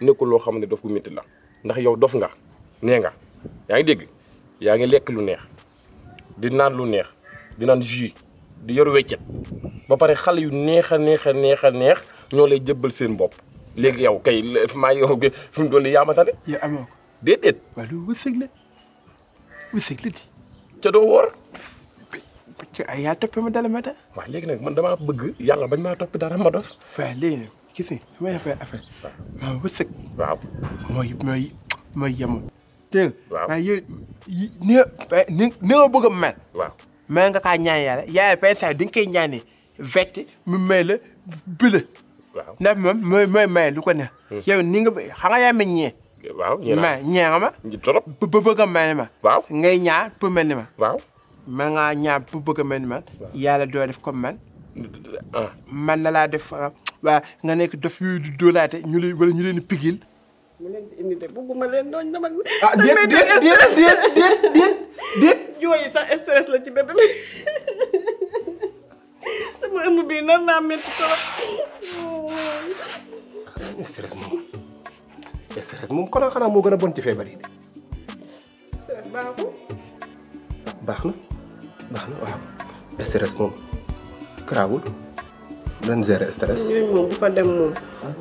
nekkul loo xam ne dof gu métti la ndax yow dof nga nee nga yaa ngi dégg yaa ngi lekk lu neex di naan lu neex di naan jus di yor weccet ba pare xale yu neex a neex neex a neex ñoo lay jëbbal seen bopp léegi yow kay maa yow fi mu doon li yaamata ne. yow amoo ko déedéet. waaw loolu wërsëg la wërsëg la di. ca doo woor. ay yaa topp ma dala ma léegi nag man damaa bëgg yàlla bañ maa topp dara ma dof. waaw kisi waya waya afa ma wusik waaw mooy mooy mooy yemul dégg nga mais yéen ni ni ni nga bëgg a mel waaw mais nga kaa ñaan yàlla yàlla benn saa di nga koy ñaanee vette mu may la bi la waaw ndax moom mooy mooy may lu ko neex yow ni nga xam nga yaa ma ñee waaw ma ñee nga ma trop ba bëgg ma waaw ngay ñaar pour mel ni ma waaw ma ngaa def comme man Ah. man na laa def ah, waa nga nekk daf yooyu di doolaate ñu leen wala ñu leen di pigil. mu leen di indi de bëgguma leen sax stress la ci bébé bi sama ëmb moom stress moom xanaa moo baax na baax na stress moom. garaawul leen gérer stress. ñun moom du fa dem moom.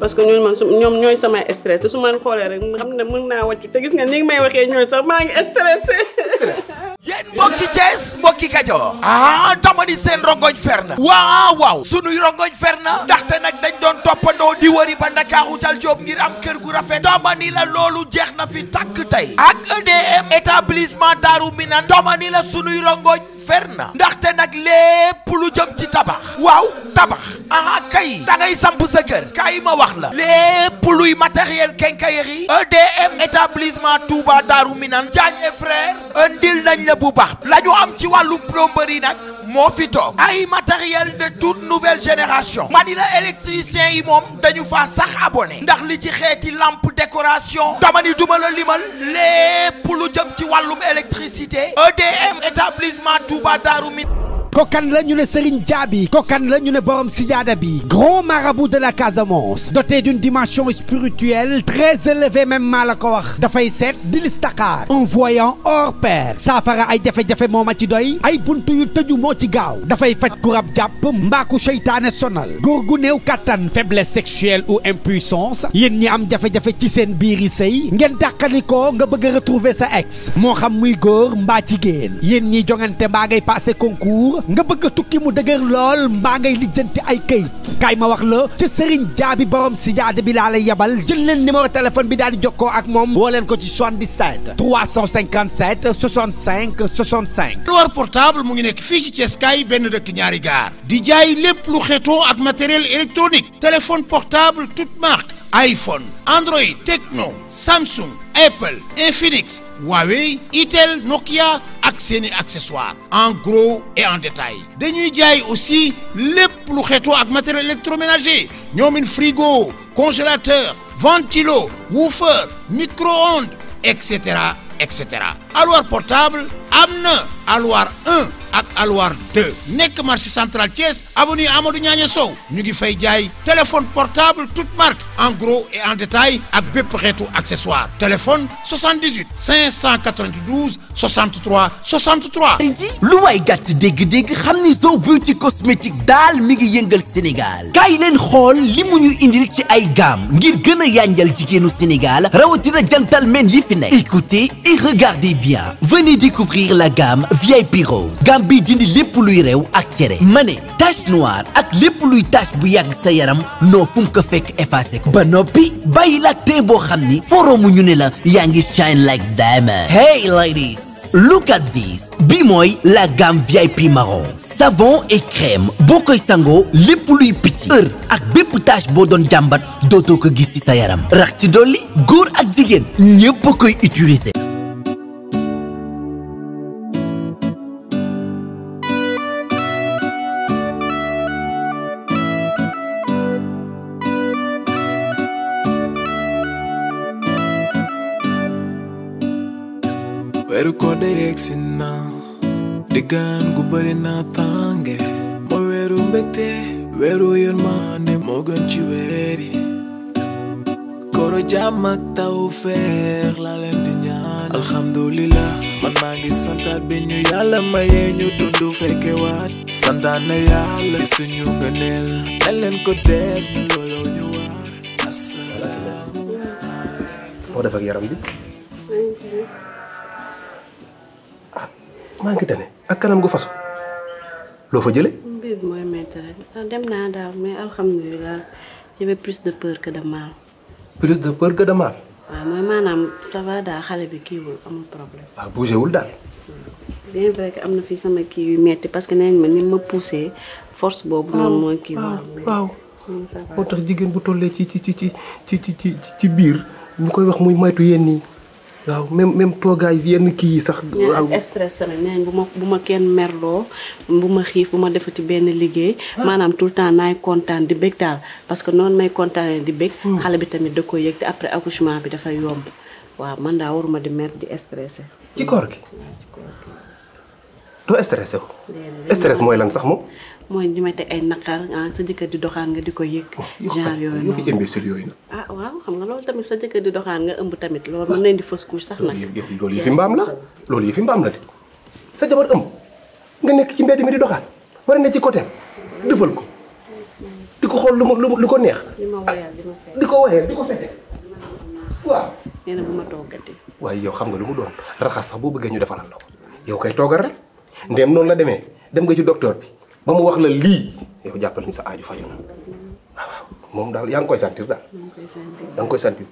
parce que ñun man ñoom ñooy sama stress te su ma xoolee rek xam ne mën naa wàccu te gis nga ni may waxee ñooy sax maa ngi stressé. stress yéen Kajoor ah dama seen rongoñ fer na waaw waaw sunuy rongoñ fer na ndaxte nag dañ doon toppandoo di wëri ba Ndakaaru Cal Joob ngir am kër gu rafet dama la loolu jeex na fi tàkk tey ak EDM établissement Daaru Minan dama ni la sunuy rongoñ fer na ndaxte nag lépp lu jëm ci tabax waaw tabax ah kay da ngay samp sa kër kay ma wax la lépp luy matériel quincaillerie EDM établissement Touba Darou minan et frère andil nañ la bu baax la am ci walu plomberie nak mo fi ay matériel de toute nouvelle génération Manila electricien la électricien yi mom dañu fa sax abonné ndax li ci xéti lampe décoration dama ni duma la limal lépp lu jëm ci walum électricité EDM établissement Touba Darou kokan la ñu ne Serigne Diaby kokan la ñu ne borom sijaada bi grand marabout de la Casamance doté d'une dimension spirituelle très élevée même maa ko wax dafay di voyant hors pair Safara ay jafé jafé moma ci doy ay buntu yu tëju mo ci gaaw dafay fajj kurab japp mbaku seytaane sonal góor katan faiblesse sexuelle ou impuissance yeen ñi am jafé jafé ci sen biir yi sëy ngeen dàqalikoo nga bëgg retrouver sa ex mo xam muy góor mbaa jigéen yeen ñi jongante ngay passé concours nga bëgg tukki mu dëgër lool mbaa ngay lijjanti ay kayit kaay ma wax la ci Serigne Jaabi borom si jaade bi laa la yebal jël leen numéro téléphone bi daal di jokkoo ak moom woo leen ko ci 77 357 65 65. Loir portable mu ngi nekk fii ci Thiès kaay benn dëkk ñaari gaar di jaay lépp lu xeetoo ak matériel électronique téléphone portable toute marque iPhone Android Tecno Samsung. Apple, Infinix, Huawei, Intel, Nokia accessoires en gros et en détail dañuy jaay aussi les lu xeetoo ak matériel électroménager une frigo congélateur ventilo woofer micro-ondes etc., etc. Alloir portable amen. alors 1 ak Alwar 2 Nek marché central Thiès avenue Amadou Niagne Sow ñu ngi fay jaay téléphone portable toute marque en gros et en détail ak bépp rétro accessoires. téléphone 78 592 63 63. lu way gatt dégg-dégg xamni Zo Beauty cosmétique Dal mi ngi yëngal Sénégal kay leen xol li mu ñu indil ci ay gamme ngir gëna a yanjal Sénégal rawatina gentlemen yi fi nekk. écoutez et regardez bien venez découvrir la gamme VIP Rose gamme bi dindi lépp luy reew ak cere ma ne tache noire ak lépp luy tache bu yàgg sa yaram noo fu ko fekk effacé ko ba noppi bàyyi la tee boo xam ni foroomu ñu ne la yaa ngi shine like diamond hey ladies Look at this bi mooy la gamme VIP marron savon et crème boo koy sangoo lépp luy picc heure ak bépp tache boo doon jàmbat dootoo ko gis ci sa yaram rax ci dolli góor ak jigéen ñépp koy utiliser de yeksina Digan gu bari na tange Mo weru mbekte weru yermane mo gën ci wéri Koro jàmm ak taw feex la di ñaan Alhamdulillah man maa ngi santaat bi ñu yàlla maye ñu dundu fekke waat Santaane yàlla ci suñu ngëneel Mel ko def ñu loolo ñu def ak yaram bi? Thank you. maa ngi tane ak kanam gu fasu loo fa jële mooy métti rek ah, dem naa daaw mais alhamdulilah j'avais plus de peur que de plus de peur que de waaw mooy maanaam ça daal xale bi kiiwul amul problème. waaw ah, wul am na fii sama kii yu parce que nee nañ ma ni force boobu. Ah, moo tax jigéen bu tollee ci ci ci ci biir ñu koy wax muy moytu yenn yi. waaw même même toogaay yenn kii yi sax. waaw stress tamit nee bu ma bu ma kenn merloo bu ma xiif bu ma defati benn liggéey. Ah. maanaam tout le temps naay kontaan di bég daal parce que noonu may kontaanee di bég. Hmm. xale bi tamit da koy yëg te après accouchement bi dafa yomb waaw man daa waruma di mer di stressé. ci koor gi doo stressé wu. stress mooy lan sax moom. moy ñu may teg ay nakar ah, sa jëkkër di doxaan nga diko ko yëg. genre oh, yooyu noonu fi imbécile yooyu nag. ah waaw xam nga lool tamit sa jëkkër di doxaan nga ëmb tamit lool mën nañ di fausse couche sax nak lool yi fi mbam la lool yi fi mbam la sa jëbër ëmb nga nekk ci mbedd mi di doxaan war a ne ci côté defal ko diko xol lu lu ko neex. diko ma diko fété waaw. nee na bu ma toggati. waaye yow xam nga lu mu doon raxas sax boo bëgg ñu defalal la yow kay togal rek ndem non la démé dem nga ci docteur bi ba mu wax la lii yow jàppal ni sa aaju faju na moom daal yaa ngi koy sentir daal. da nga koy sentir.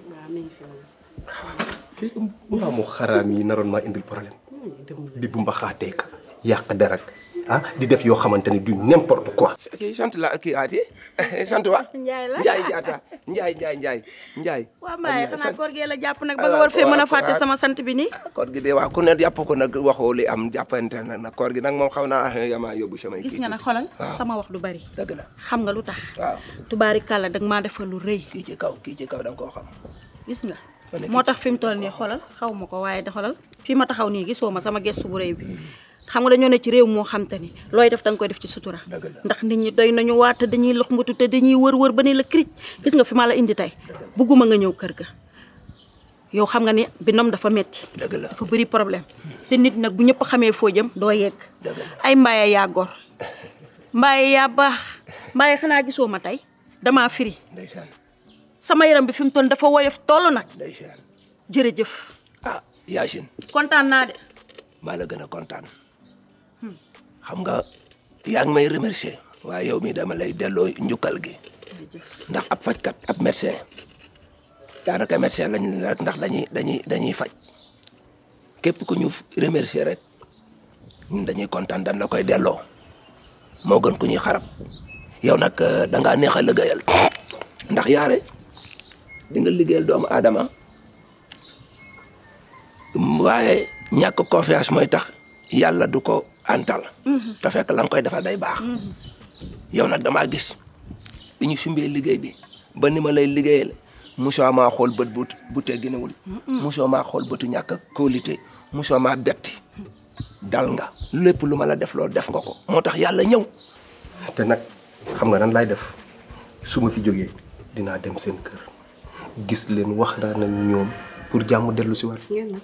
waaw mu xaraam yi naroon maa indil problème. Hmm, di bu mbaxaateek yàq der ah di def yo xamanteni du n'importe quoi. kii sant la kii ati eh, sant wa. njay la njay jata njay njay njay njay wa may xana gor ge la japp nak ba nga ah, war fe meuna faté sama sante bi ni ah, kor gi de wa ku ne japp ko nak waxo li am jappante nak kor koor gi nag moom xaw naa eh, yamaa yóbbu sama kii. gis nga nak xolal sama wax du bari. deug la xam nga lutax tax. waaw tubaari dag ma defal lu reuy ki ci kaw ki ci kaw dang ko xam. gis nga. motax fim tol ni xolal xawmako waye da xolal fi ma taxaw ni gisoo sama gestu bu reuy bi hmm. xam nga dañoo ne ci réew moo xam ni looy def da koy def ci sutura ndax nit ñi doy nañu waat te dañuy loxmatu te dañuy wër wër ba ni la cric gis nga fi ma la indi tey bugguma nga ñëw kër ga yow xam nga ni binom dafa metti dafa bëri problème te nit nag bu ñëpp xamee foo jëm doo yegg ay mbaaye yaa gor mbaaye yaa baax mbaaye xanaa gisoo ma tey dama firi sama yaram bi fi mu toll dafa woyof toll nag jërëjëf ah kontaan naa de la gën a kontaan xam nga yaa ngi may remercier waaye yow mi dama lay delloo njukkal gi ndax ab fajkat ab médecin daanaka médecin lañ rek ndax dañuy dañuy dañuy faj képp ku ñu remercier rek ñun dañuy kontaan dan la koy delloo moo gën ku ñuy xarab yow nag euh, da ngaa neex a liggéeyal ndax yaare di nga liggéeyal doomu aadama waaye ñàkk confiance mooy tax yàlla du ko antal da mhm. fekk la koy defal day bax mhm. yow nak dama gis biñu ñu sumbee liggéey bi ba nima ma lay liggéeyal musoo maa xool beut bu bu tegginawul musoo mhm. ma xol beutu ñak a kóolite musoo betti dal nga lepp luma la def lo def nga ko motax yalla ñew ñëw te nag xam nga nan lay def suma fi joggé dina dem seen kër gis leen waxtaan ak ñoom pour ci nak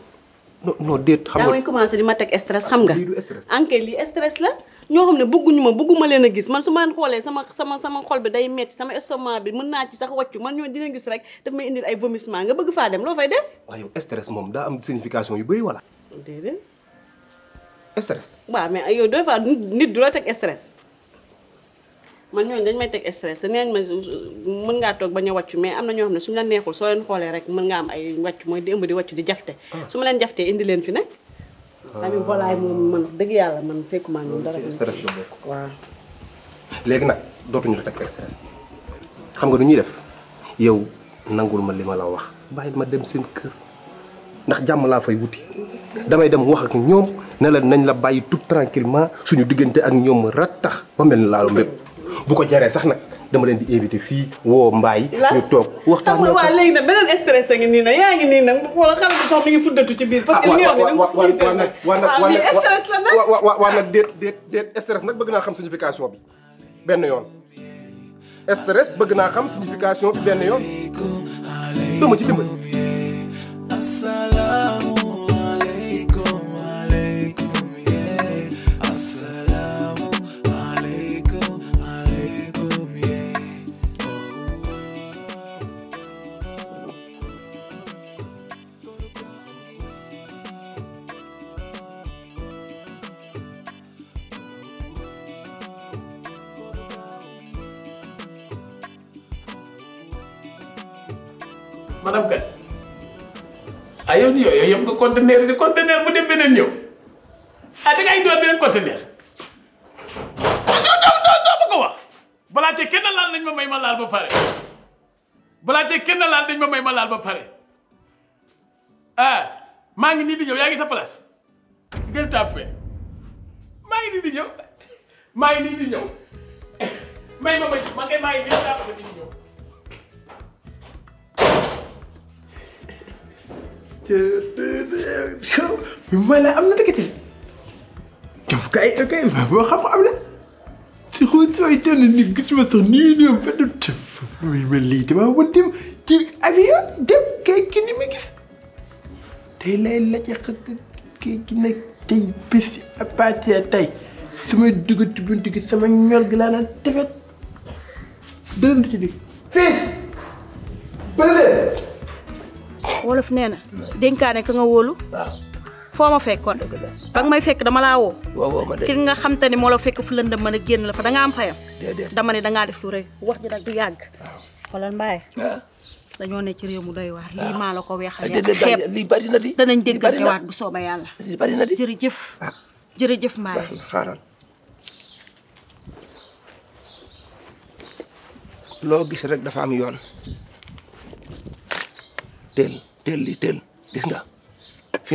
non non déet xam nga daa commencé di ma teg stress xam nga. lii li stress la. ñoo xam ne bëgguñu ma bëgguma leen a gis man su ma xoolee sama sama sama xol bi day metti sama estomac bi mën naa ci sax wàccu man ñoo dina gis rek daf may indil ay vomissement nga bëgg faa dem loo fay def. waaw yow stress moom daa am signification yu bëri wala. déedéet. stress. waaw mais yow des fois nit du la teg stress. man ñooñu dañ may teg stress dañ leen ma mën ngaa toog bañ a wàccu mais am na ñoo xam ne suñu la neexul soo leen xoolee rek mën nga am ay wàccu mooy di ëmb di wàccu di jafte ah. su ma leen jaftee indi leen fi nag ah. ami volaay moom man dëgg yàlla man fekku sekkuma ñoom dara stress la bokk waaw léegi nag dootuñu la teg stress xam nga nu ñuy def yow nangul ma li ma la wax bàyyi ma dem seen kër ndax jàmm laa fay wuti damay dem wax ak ñoom ne la nañ la bàyyi tout tranquillement suñu diggante ak ñoom ratax ba mel ni laalu mbépp bu ko jaree sax nag dama leen di invité fii woo mbaay ñu toog waxtaan na waaw léegi nag beneen stress a ngi nii nag yaa ngi nii nag xoolal xale bi sax mi ngi fuddatu ci biir parce que li ah, waa nag waa ah, nag waa waa nag déet déet déet stress bëgg naa xam signification bi benn yoon stress bëgg naa xam signification bi benn yoon dama ci dimbali manam kat ah ni yow yam ko conteneur di conteneur bu dem beneen ñew ah da ngay doon benen conteneur. do, do, do, bu ko wax bala ci kenn laal nañ ma may ma laal ba paré bala ci kenn laal dañ ma may ma laal ba paré ah ma ngi ni di ñew yaangi sa place gën tàppee ma ngi ni di ñew ma ngi ni di ñëw may ma may ma kay maa ngi nii di ñëw. mooy laa am na dëkk tey daf kay kay boo xam am na si xool si waay doon ni gis ma sax nii nii ba du tëf ma lii damaa woon dem ci avion dem kay ki ni ma gis tey lay la ca kay ki nag tey bés à partir tey sama dugati buntu gi sama ñor gi laa naan tefet dërëm di ci dig. fii bële. wolof neena denkaane dénkaane ka nga wolu foo ma fekkon ba may fekk dama laa woo ki nga xam tane mo la fekk fu lëndëm meuna genn la fa da nga am fayam dama ne da nga def lu reuy wax ji nag du yàgg xoolal mbaay dañu ne ci réew mu doy waar li ma la ko weexal xeb li bari na di danañ ci wat bu soba yalla li bari na di jërëjëf ah. jërëjëf mbaay xaaral lo gis rek dafa am yoon del teel lii teel gis nga fi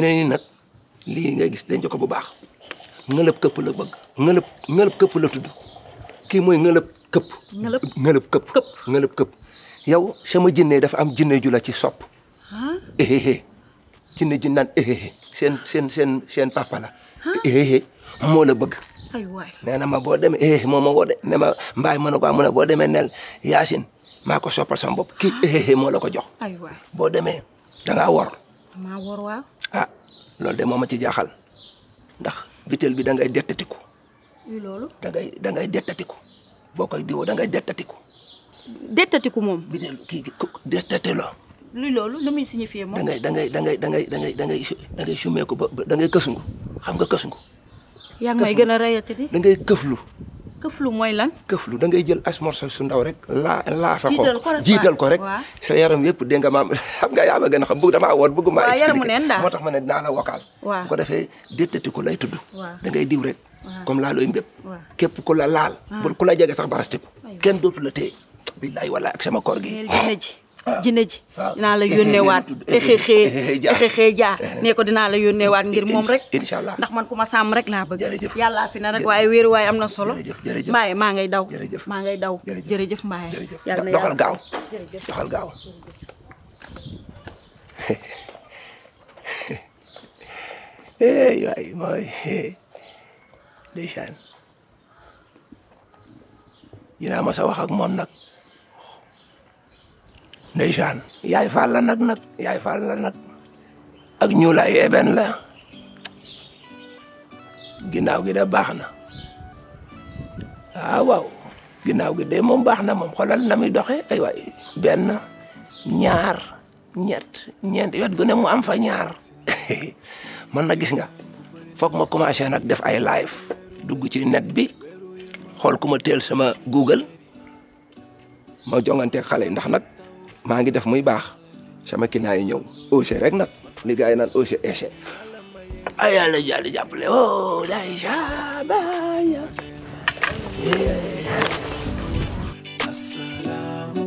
lii nga gis denc ko bu baax ngëlëb këpp la bëgg ngëlëb ngëlëb këpp la tudd kii mooy ngëlëb këpp ngëlëb këpp ngëlëb këpp yow sama jinne dafa am jinne jula ci sopp éhéhé jinne ji naan éhéhé seen seen seen papa la éhéhé moo la bëgg nee na ma boo demee éhéhé moo ma woo ma mbaay mën a ko ah, ne boo demee nel yaasin maa ko soppal sama bopp kii éhéhé moo la ko jox da ngaa wor. maa wor waa ah loolu de moo ma ci jaxal ndax vitel bi da ngay dettatiku. loolu. dangay ngay da ngay dettatiku boo koy diwoo da ngay dettatiku. dettatiku moom. vitel kii dettati la. luy loolu lu muy signifié moom. da ngay da ngay da ngay da ngay da ngay da da ngay sumee ko ba da ngay kësungu xam nga kësungu. yaa ngi may gën a rayati di. da ngay këflu. këflu mooy lan. këflu da ngay jël as morceau su ndaw rek. laa laa fa ko jiital ko rek sa yaram yëpp dégg nga maam xam nga yaa ma gën a xam bëgg damaa woon bëgg maa expliqué moo tax ma ne naa a vocal. bu ko defee déetati ko lay tudd. da ngay diw rek. comme laalooy mbépp. képp ku la laal. Ah. bul ku la jege sax barastiku. kenn dootu la téye. billaay wala ak sama koor gi. Ah. jinne ji ah. dinaa la yónneewaat exexee exexee jaa nee ko dinaa la waat ngir moom rek ndax man ku ma sàmm rek laa bëgg yàllaa fi na rek waaye wéeru waaye am na solo mbaaye maa ngay daw maa ngay daw jërëjëf mbaaye yàlla na doxal gaaw doxal gaaw waay mooy ndeysaan dinaa ma sa wax ak moom nag ndeysaan yaay faal la nag nag yaay faal la nag ak ñuulaay eben la ginaaw gi da baax na waaw ah, waaw ginnaaw gi de moom baax na moom na ay waay benn ñaar ñett ñeent gu ne mu am fa ñaar man na gis nga foog ma commencé nag def ay live dugg ci net bi xol ku ma sama google ma jongante xale ndax nag ma ngi def muy bax sama client ñew ñëw Océ rek nak li gars nan naan Océ ay ala yàlla jàppale oh day ba ya Assalamu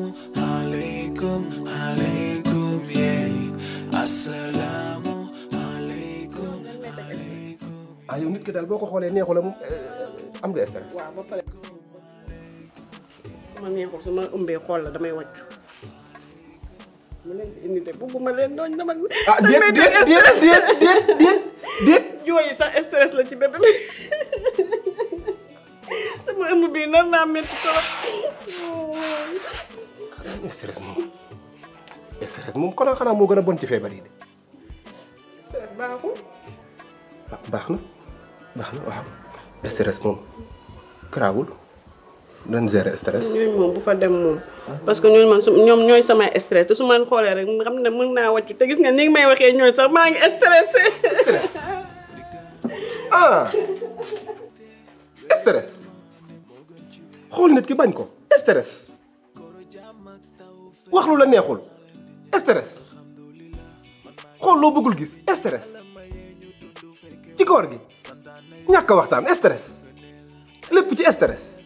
alaykum alaykum ye Assalamu alaykum alaykum ah nit ki dal boko ko xoolee neexu la eh, am nga stress wa ba pare ma neexul su ma umbee la damay wàcc mu leen di indi de bugguma leen nooñ dama. ah déet déet déet déet déet déet. jooyi sax stress la ci bébé bi bii nan naa métti trop. stress moom stress moom kon xanaa moo gën a bon ci feebar yi de. Ah, baax na baax na waaw stress moom garaawul. nan gérer stress. ñooñu moom bu fa dem moom. parce que ñooñu man su ñoom ñooy samay stress te su ma leen xoolee rek xam ne mën naa wàccu te gis nga ni nga may waxee ñooñu sax maa ngi stressé. stress ah stress xool nit ki bañ ko stress wax lu la neexul stress xool loo bëggul gis stress ci koor gi ñàkk waxtaan stress lépp ci stress.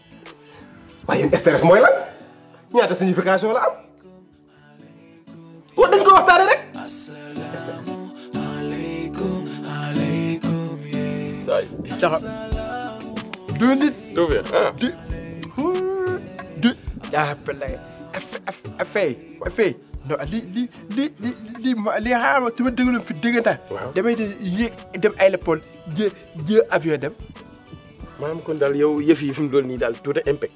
waaye yéen stress mooy lan ñaata signification la am war dañ ko waxtaane rek. saa yi caxa. du nit. du bien ah. du du. yaa ah, bële li li li li li ma li xaaral ma déglu fi diggante. waaw damay yéeg dem aéroport jë jë avion dem. maanaam kon daal yow yëf yi fi mu doon nii daal tuuti impact.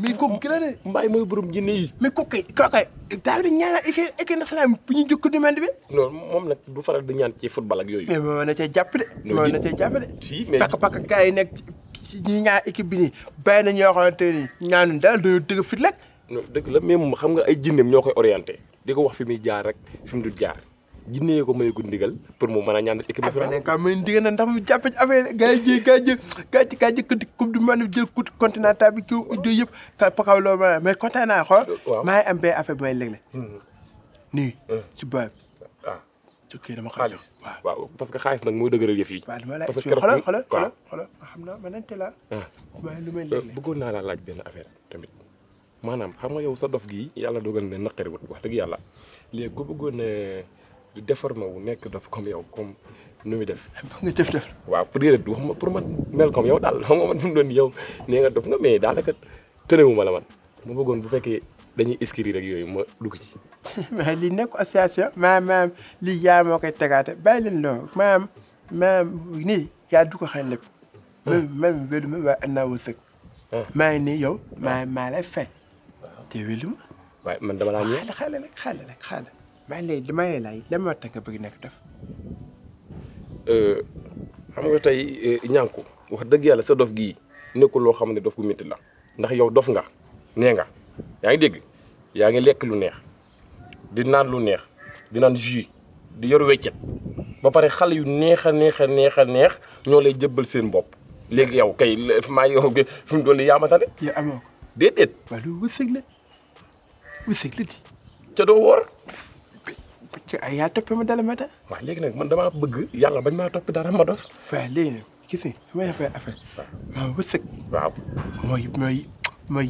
mais kooku gën a ne. Mbaye mooy borom jinne yi. mais kooku kay kooku kay daa ngi ñaanal équipe équipe nationale bu ñu jokk demande bi. non moom nag du fara di ñaan ci football ak yooyu. mais moom na cee jàpp de. moom na cee jàpp de. si mais pàcc pàcc gars yi nekk ñi ñaar bi nii bàyyi na ñoo xamante ni ñaanu daal dañoo dëgg fit rek. non dëgg la mais moom xam nga ay jinneem ñoo koy orienté. di ko wax fi muy jaar rek fi mu dul jaar. jinne ko may ko ndigal pour mu mën a ñaanal équipe nationale. waaw may ndigal na ndax mu jàpp ci affaire yi gars yi gars yi gars jël coupe continental bi ci ujjee yëpp ka Pakaw loolu ma mais kontaan naa euh, hmm. euh. ah. waaw waaw ci que xaalis nag mooy dëgëral yëf yi. parce que keroog xoolal xoolal xoolal xoolal ma nante laa. bëggoon naa laaj benn affaire tamit. maanaam xam nga yow sa dof gi yàlla dogal ne naqari wut wax dëgg yàlla léegi ku euh, di déformé wu nekk daf comme yow comme nu muy def. nga def def waaw pour yéen waxuma pour ma mel comme yow daal xam nga man fi mu doon yow nee nga def nga mais daanaka tënewu ma la man ma bu fekkee dañuy inscrire rek yooyu ma dugg ci. mais li nekk association. ma maam lii yaa moo koy tegaate ba leen loolu maam ma nii yaa du ko xëy lépp. Ah. ma waaye am naa wërsëg. Ah. maa ngi nii yow ah. ma maa lay fay. te wélu ma. waaw man dama laa ñëw xaaral xaaral rek xaaral rek xaaral. maa ngi lay maa ngi lay lan moo tax nga bëgg nekk def. Euh, xam nga tey euh, ñànku wax dëgg yàlla sa dof gi nekkul loo xam ne dof gu métti la ndax yow dof nga nee nga yaa ngi dégg yaa ngi lekk lu neex di naan lu neex di naan jus di yor weccet ba pare xale yu neex a neex neex a neex ñoo lay jëbbal seen bopp léegi yow kay maa yow fi mu doon nii yaa ma tane. yow amoo ko déedéet. la wërsëg la di. ca doo woor. ci ay yaa topp ma ma da waaw léegi nag man bëgg yàlla bañ maa topp dara ma dof waaw léegi nag gis nga su ma defee affaire maa wësëg waaw mooy mooy mooy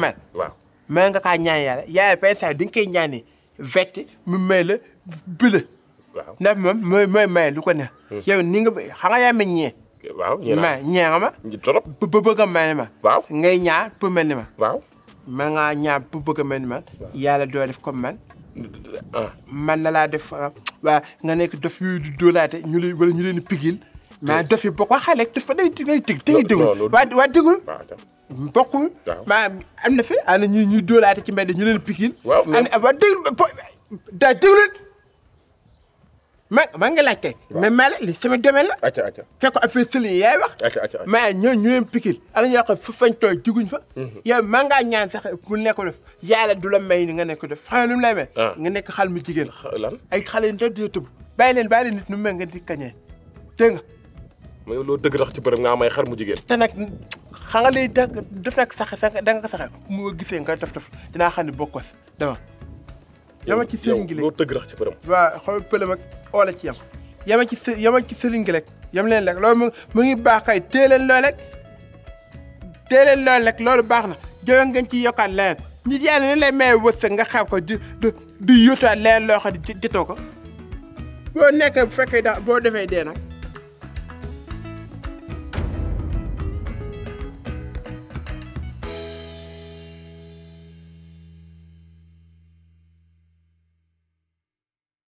mel waaw mel kaa ñaan yàlla nga koy ñaanee vett mu may la bila waaw lu ko neex hmm. yow ni nga xam nga yaa ma ñee waaw ñee ma ñee nga ma trop mel ni ma ma ngaa ñaar bu bëgg a man yàlla doo def comme man man na laa def ah, waa nga nekk dof yooyu di dóolaate ñu leen wala ñu leen pigil mais dof yi bokk waa xale dafa day day dégg day dégul waa waa dégul maa am na fi am ñu ñuy dóolaate ci mbedd ñu leen pigil waaw waa dégul daa déglu ma maa ngi laajte. mais maa li sama domaine la. acca acca fekk yaay wax. acca acca mais ñoo ñu leen pikil. ala ñoo xam fu fañ tooy juguñ fa. Mhm. yow maa ngaa ñaan sax mu nekk def yàlla du la may ni nga nekk def xam nu mu ah. nga nekk xal mu jigéen. lan ay xale yu ndaw di tëb. bàyyi leen bàyyi leen nit ñu mel nga di kañee dégg nga. mais loolu dëgg tax ci bërëb nga may xar mu jigéen. te nag xam nga lay def nag sax da nga ko mu gisee nga def def dinaa xam ne bokkoo si dama. dama ci sëriñ gi loo yow loolu dëgg tax ci bërëb. waaw xool pëlëm oole ci yam yama ci së yama ci sëriñ gi rek yam leen rek loolu mu ngi baax kay tée leen loolu rek tée leen loolu rek loolu baax na jowe ngeen ci yokkaat leneen nit yàlla ne lay maye wërsëg nga xam ko di di di yottaat leneen loo xam ne jotoo boo nekkee bu fekkee da boo defee dee nag